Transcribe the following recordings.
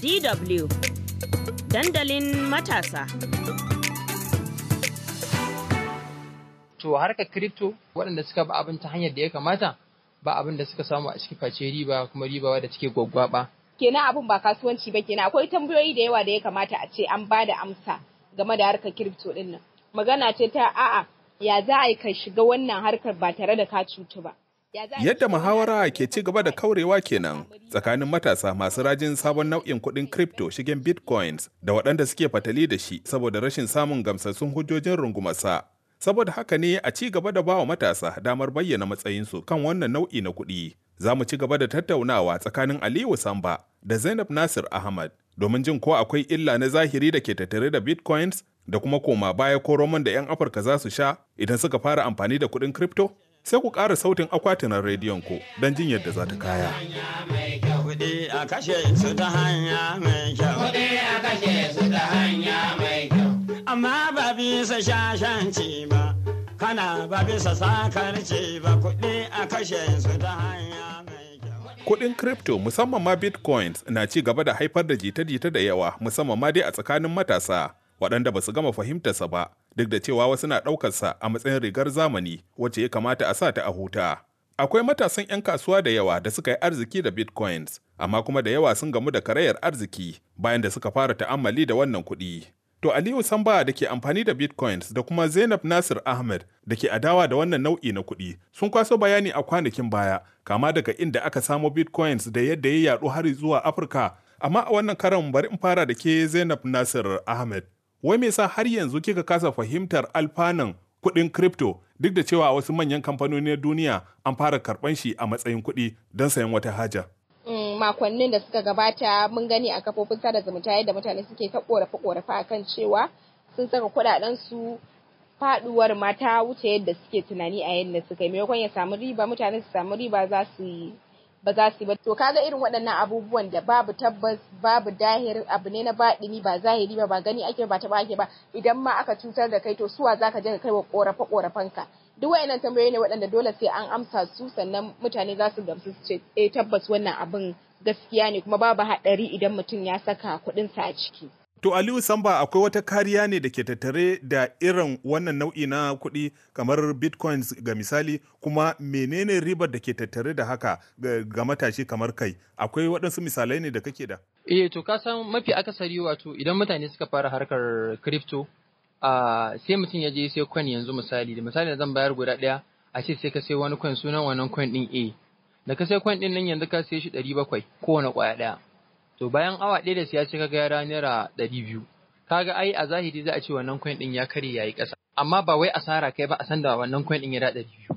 DW dandalin matasa. To harkar kripto waɗanda suka ba abin ta hanyar da ya kamata ba abin da suka samu a cikin face riba kuma ribawa da take gwaggwaba. Kenan abin ba kasuwanci ba kenan akwai tambayoyi da yawa da ya kamata a ce an ba da amsa game da harkar kripto ɗin nan. Magana ce ta a'a ya za a yi ka shiga wannan harkar ba tare da ka cutu ba. Yadda muhawara ke ci gaba da kaurewa kenan tsakanin matasa masu rajin sabon nau'in kuɗin crypto shigen bitcoins da waɗanda suke fatali da shi saboda rashin samun gamsassun hujjojin rungumarsa. Saboda haka ne a ci gaba da bawa matasa damar bayyana matsayinsu kan wannan nau'i na kuɗi. Za mu ci gaba da tattaunawa tsakanin Aliyu Samba da Zainab Nasir Ahmad domin jin ko akwai illa na zahiri da ke tattare da bitcoins da kuma koma baya ko roman da 'yan Afirka za su sha idan suka fara amfani da kuɗin crypto. sai ku ƙara sautin akwatinan rediyon ku don jin yadda za ta kaya. Amma ba bisa shashanci ba, kana ba bisa sakarci ba kuɗi a kashe su ta hanya Kuɗin crypto musamman ma bitcoins na ci gaba da haifar da jita-jita da yawa musamman ma dai a tsakanin matasa. waɗanda ba su gama fahimtarsa ba duk da cewa wasu na ɗaukarsa a matsayin rigar zamani wacce ya kamata a sa ta a huta. Akwai matasan 'yan kasuwa da yawa da suka yi arziki da bitcoins, amma kuma da yawa sun gamu da karayar arziki bayan da suka fara ta'ammali da wannan kuɗi. To Aliyu Samba da ke amfani da bitcoins da kuma Zainab Nasir Ahmed da ke adawa da wannan nau'i na kuɗi sun kwaso bayani a kwanakin baya kama daga inda aka samo bitcoins da yadda ya yaɗu har zuwa Afirka. Amma a wannan karan bari in fara da ke Zainab Nasir Ahmed. wai me sa har yanzu kika kasa fahimtar alfanan kuɗin crypto duk da cewa wasu manyan kamfanoni na duniya an fara karɓan shi a matsayin kuɗi don sayan wata haja. Mm, makonnin da suka gabata mun gani a kafofin sada zumunta yadda mutane suke ta korafe korafe kan cewa sun saka kuɗaɗen su faɗuwar mata wuce yadda suke tunani a yadda suka yi maimakon ya samu riba mutane su samu riba za su yi ba za su yi ba to kaga irin waɗannan abubuwan da babu tabbas babu dahir abu ne na baɗini ba zahiri ba ba gani ake ba taɓa ake ba idan ma aka cutar da kai to suwa zaka je ka kai wa korafan ka duk wayannan tambayoyi ne waɗanda dole sai an amsa su sannan mutane za su gamsu su ce eh tabbas wannan abin gaskiya ne kuma babu haɗari idan mutum ya saka kuɗinsa a ciki To Aliyu Samba akwai wata kariya ne da ke tattare da irin wannan nau'i na kuɗi kamar bitcoins ga misali kuma menene ribar da ke tattare da haka ga matashi kamar kai akwai waɗansu misalai ne da kake da? Eh to ka san mafi akasari wato idan mutane suka fara harkar crypto sai mutum ya je sai kwan yanzu misali da misali zan bayar guda ɗaya a ce sai ka sai wani coin sunan wannan kwan ɗin A da ka sai kwan ɗin nan yanzu ka sai shi ɗari bakwai kowane ƙwaya ɗaya. to bayan awa ɗaya da su ya kaga ya naira ɗari biyu kaga ai a zahiri za a ce wannan coin ɗin ya karye yayi ƙasa amma ba wai asara kai ba a san da wannan coin ɗin ya da ɗari biyu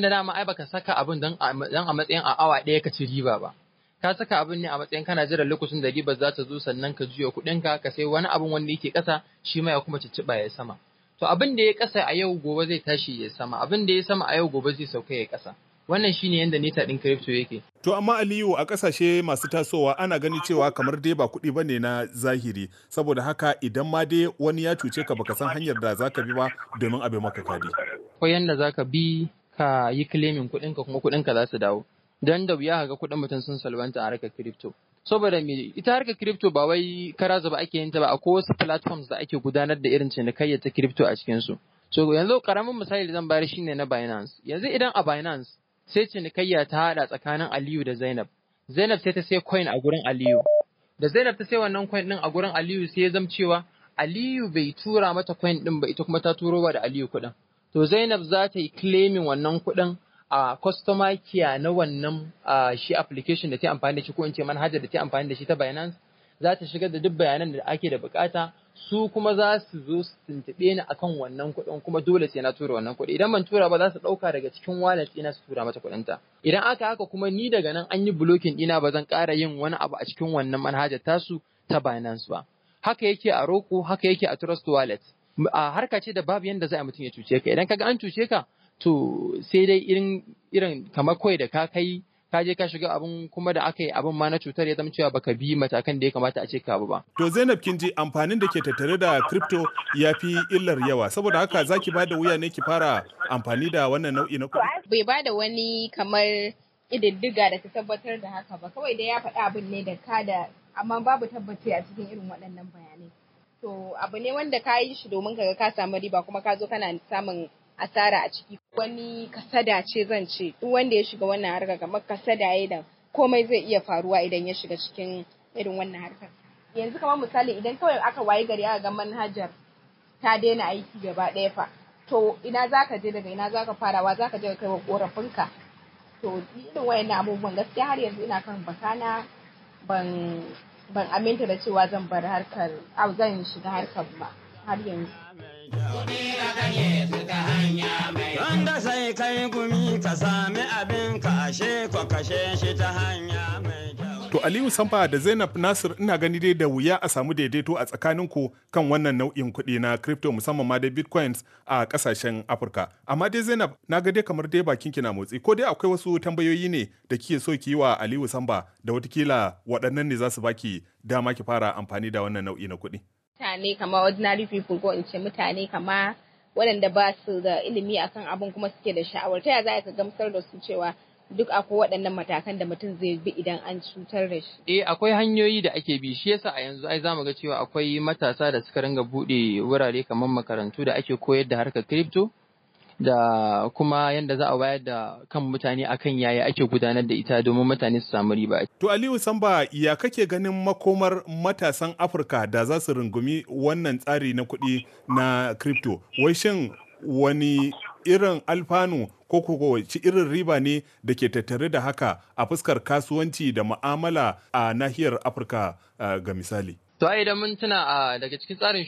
da dama ai baka saka abin don a matsayin a awa ɗaya ka ci riba ba ka saka abin ne a matsayin kana jiran lokacin da ribar za ta zo sannan ka juya kuɗinka ka sai wani abin wanda yake ƙasa shi ma ya kuma cicciɓa ya sama to abin da ya ƙasa a yau gobe zai tashi ya sama abin da ya sama a yau gobe zai sauka ya ƙasa wannan shine yadda neta din crypto yake to amma aliyu a kasashe masu tasowa ana gani cewa kamar dai ba kuɗi bane na zahiri saboda haka idan ma dai wani ya cuce ka baka san hanyar da zaka bi ba domin abin maka kadi ko yanda zaka bi ka yi claiming kuɗin ka kuma kuɗin ka za su dawo dan da wuya haka kuɗin mutum sun salwanta a harkar crypto saboda me ita harkar crypto ba wai kara ba ake yin ta ba akwai wasu platforms da ake gudanar da irin cinikayya ta crypto a cikin su so yanzu karamin misali da zan bayar shine na Binance yanzu idan a Binance sai cinikayya ta hada tsakanin Aliyu da Zainab. Zainab sai ta sai coin a gurin Aliyu. Da Zainab ta sai wannan coin ɗin a gurin Aliyu sai ya zam cewa Aliyu bai tura mata coin ɗin ba ita kuma ta turo ba da Aliyu kuɗin. To Zainab za ta yi claiming wannan kuɗin a customer care na wannan shi application da ta amfani da shi ko in ce manhajar da ta amfani da shi ta Binance za ta shigar da duk bayanan da ake da bukata su kuma za su zo su tuntuɓe ni akan wannan kuɗin kuma dole sai na tura wannan kuɗi idan ban tura ba za su ɗauka daga cikin wallet ɗina su tura mata kuɗinta idan aka haka kuma ni daga nan an yi blocking dina ba zan ƙara yin wani abu a cikin wannan manhajar tasu ta Binance ba haka yake a Roku haka yake a Trust Wallet a harka ce da babu yanda za a mutum ya cuce ka idan kaga an cuce ka to sai dai irin irin kamar kawai da ka kai ka je ka shiga abin kuma da aka yi abin ma na cutar ya zama cewa baka bi matakan da ya kamata a ce ka ba. To Zainab kin ji amfanin da ke tattare da crypto ya fi illar yawa saboda haka zaki ba da wuya ne ki fara amfani da wannan nau'i na kuɗi. Bai ba da wani kamar ididdiga da ta tabbatar da haka ba kawai dai ya faɗa abin ne da ka da amma babu tabbaci a cikin irin waɗannan bayanai. To abu ne wanda ka yi shi domin ka ga ka samu riba kuma ka zo kana samun asara a ciki wani kasada ce zan ce duk wanda ya shiga wannan harka kamar kasada ya da komai zai iya faruwa idan ya shiga cikin irin wannan harkar yanzu kamar misali idan kawai aka wayi gari aka ga manhajar ta daina aiki gaba ɗaya fa to ina zaka je daga ina zaka farawa zaka je ka kai wa korafinka to irin wayannan abubuwan gaskiya har yanzu ina kan bakana ban ban aminta da cewa zan bar harkar zan shiga harkar ba har yanzu Wanda sai kai gumi ka sami abin kashe kashe shi ta hanya mai kyau. To Aliyu samba da Zainab Nasir ina gani dai da wuya a samu daidaito a tsakanin ku kan wannan nau'in kuɗi na crypto musamman ma da bitcoins a ƙasashen Afirka. Amma dai Zainab na ga dai kamar dai bakin ki na motsi ko dai akwai wasu tambayoyi ne da kike so ki yi wa Aliyu Samba da watakila waɗannan ne za su baki dama ki fara amfani da wannan nau'i na kuɗi. mutane kama ordinary people ko in ce mutane kama waɗanda ba su da ilimi akan abin kuma suke da sha'awar ta yaya za ka gamsar da su cewa duk akwai waɗannan matakan da mutum zai bi idan an cutar da shi. Eh akwai hanyoyi da ake bi shi yasa a yanzu ai zamu ga cewa akwai matasa da suka ringa buɗe wurare kamar makarantu da ake koyar da harkar crypto da kuma yadda za a wayar da kan mutane akan yaya ake gudanar da ita domin mutane su samu riba. To Aliyu Samba ya kake ganin makomar matasan Afirka da za su rungumi wannan tsari na kuɗi na crypto? Wai shin wani irin alfanu ko ci irin riba ne da ke tattare da haka a fuskar kasuwanci da mu'amala a nahiyar Afirka eh, ga misali? To ai idan mun tuna a daga cikin tsarin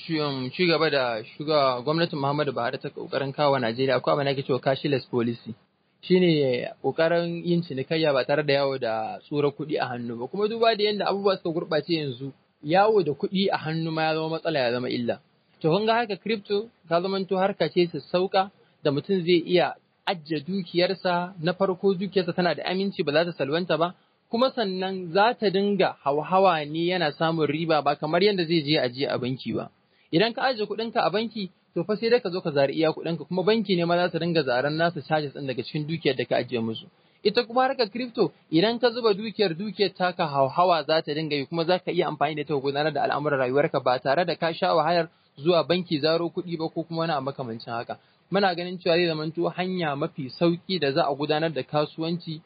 shugaba da shuga gwamnatin Muhammadu Buhari ta kokarin kawo Najeriya akwai abin da ake cewa cashless policy. Shine kokarin yin cinikayya ba tare da yawo da tsura kuɗi a hannu ba kuma duba da yadda abubuwa suka gurɓace yanzu yawo da kuɗi a hannu ma ya zama matsala ya zama illa. To kun ga haka crypto ta zamanto harka ce su sauka da mutum zai iya ajiye dukiyarsa na farko dukiyarsa tana da aminci ba za ta salwanta ba kuma sannan za ta dinga hauhawa ne yana samun riba ba kamar yadda zai je ajiye a banki ba. Idan ka ajiye kuɗinka a banki, to fa sai dai ka zo ka zari iya kuɗinka kuma banki ne ma za ta dinga zaren nasa charges ɗin daga cikin dukiyar da ka ajiye musu. Ita kuma harka crypto idan ka zuba dukiyar dukiyar taka hauhawa za ta dinga yi kuma za ka iya amfani da ta gudanar da al'amuran rayuwarka ba tare da ka sha wahalar zuwa banki zaro kuɗi ba ko kuma wani abu makamancin haka. Muna ganin cewa zai zamanto hanya mafi sauki da za a gudanar da kasuwanci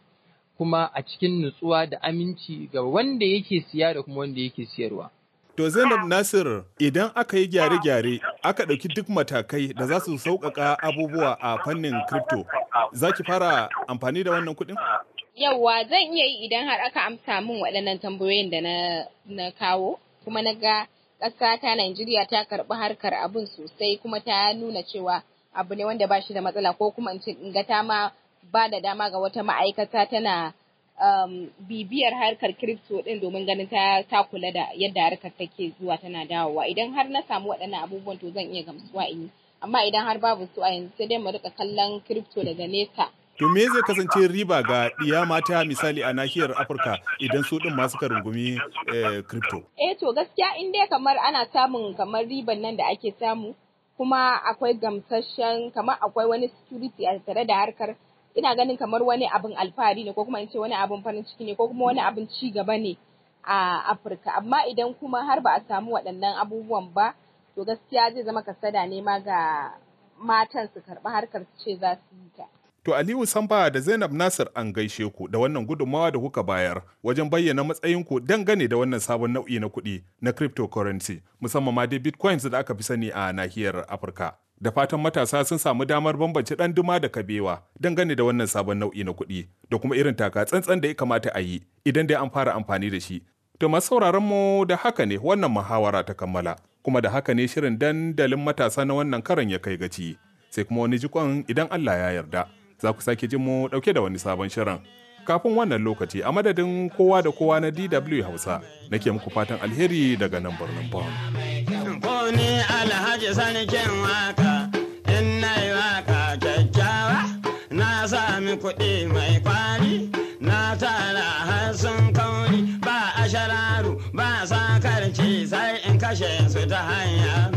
kuma a cikin nutsuwa da aminci ga wanda yake siya da kuma wanda yake siyarwa. To Zainab Nasir idan aka yi gyare-gyare aka ɗauki duk matakai da za su sauƙaƙa abubuwa a fannin crypto, za ki fara amfani da wannan kuɗin? Yawwa zan iya yi idan har aka amsa min waɗannan tambayoyin da na kawo, kuma na ga ƙasa ta Najeriya ta karɓi harkar abin sosai kuma ta nuna cewa abu ne wanda ba shi da matsala ko kuma in ga ta ma ba da dama ga wata ma'aikata tana um, bibiyar harkar crypto ɗin domin ganin ta, ta kula da yadda harkar take zuwa tana dawowa idan har na samu waɗannan abubuwan to zan iya gamsuwa in yi amma idan har babu su a yanzu sai dai mu rika kallon crypto daga nesa to me zai kasance riba ga ɗiya mata misali a nahiyar afirka idan su ɗin masu rungumi eh, crypto eh to gaskiya in dai kamar ana samun kamar riban nan da ake samu kuma akwai gamsashen kamar akwai wani security a tare da harkar ina ganin kamar wani abin alfahari ne ko kuma in ce wani abin farin ciki ne ko kuma wani abin ci gaba ne a Afirka amma idan kuma har ba a samu waɗannan abubuwan ba to gaskiya zai zama kasada ne ma ga matan su karɓi harkar su ce za su yi ta. To Aliyu Samba da Zainab Nasir an gaishe ku da wannan gudunmawa da kuka bayar wajen bayyana matsayin ku dangane da wannan sabon nau'i na kuɗi na cryptocurrency musamman ma dai bitcoins da aka fi sani a nahiyar Afirka. da fatan matasa sun samu damar bambance ɗan duma da kabewa dangane da wannan sabon nau'i na kuɗi da kuma irin taka tsantsan da ya kamata a yi idan dai an fara amfani da shi. To masu sauraron mu da haka ne wannan muhawara ta kammala kuma da haka ne shirin dandalin matasa na wannan karan ya kai gaci sai kuma wani jikon idan Allah ya yarda za ku sake jin mu ɗauke da wani sabon shirin. Kafin wannan lokaci a madadin kowa da kowa na DW Hausa nake muku fatan alheri daga nan birnin Bon. ni Alhaji Sani ni kuɗi mai kwari na tara har sun kauri ba a shararu ba sakarci sai in kashe su ta hanya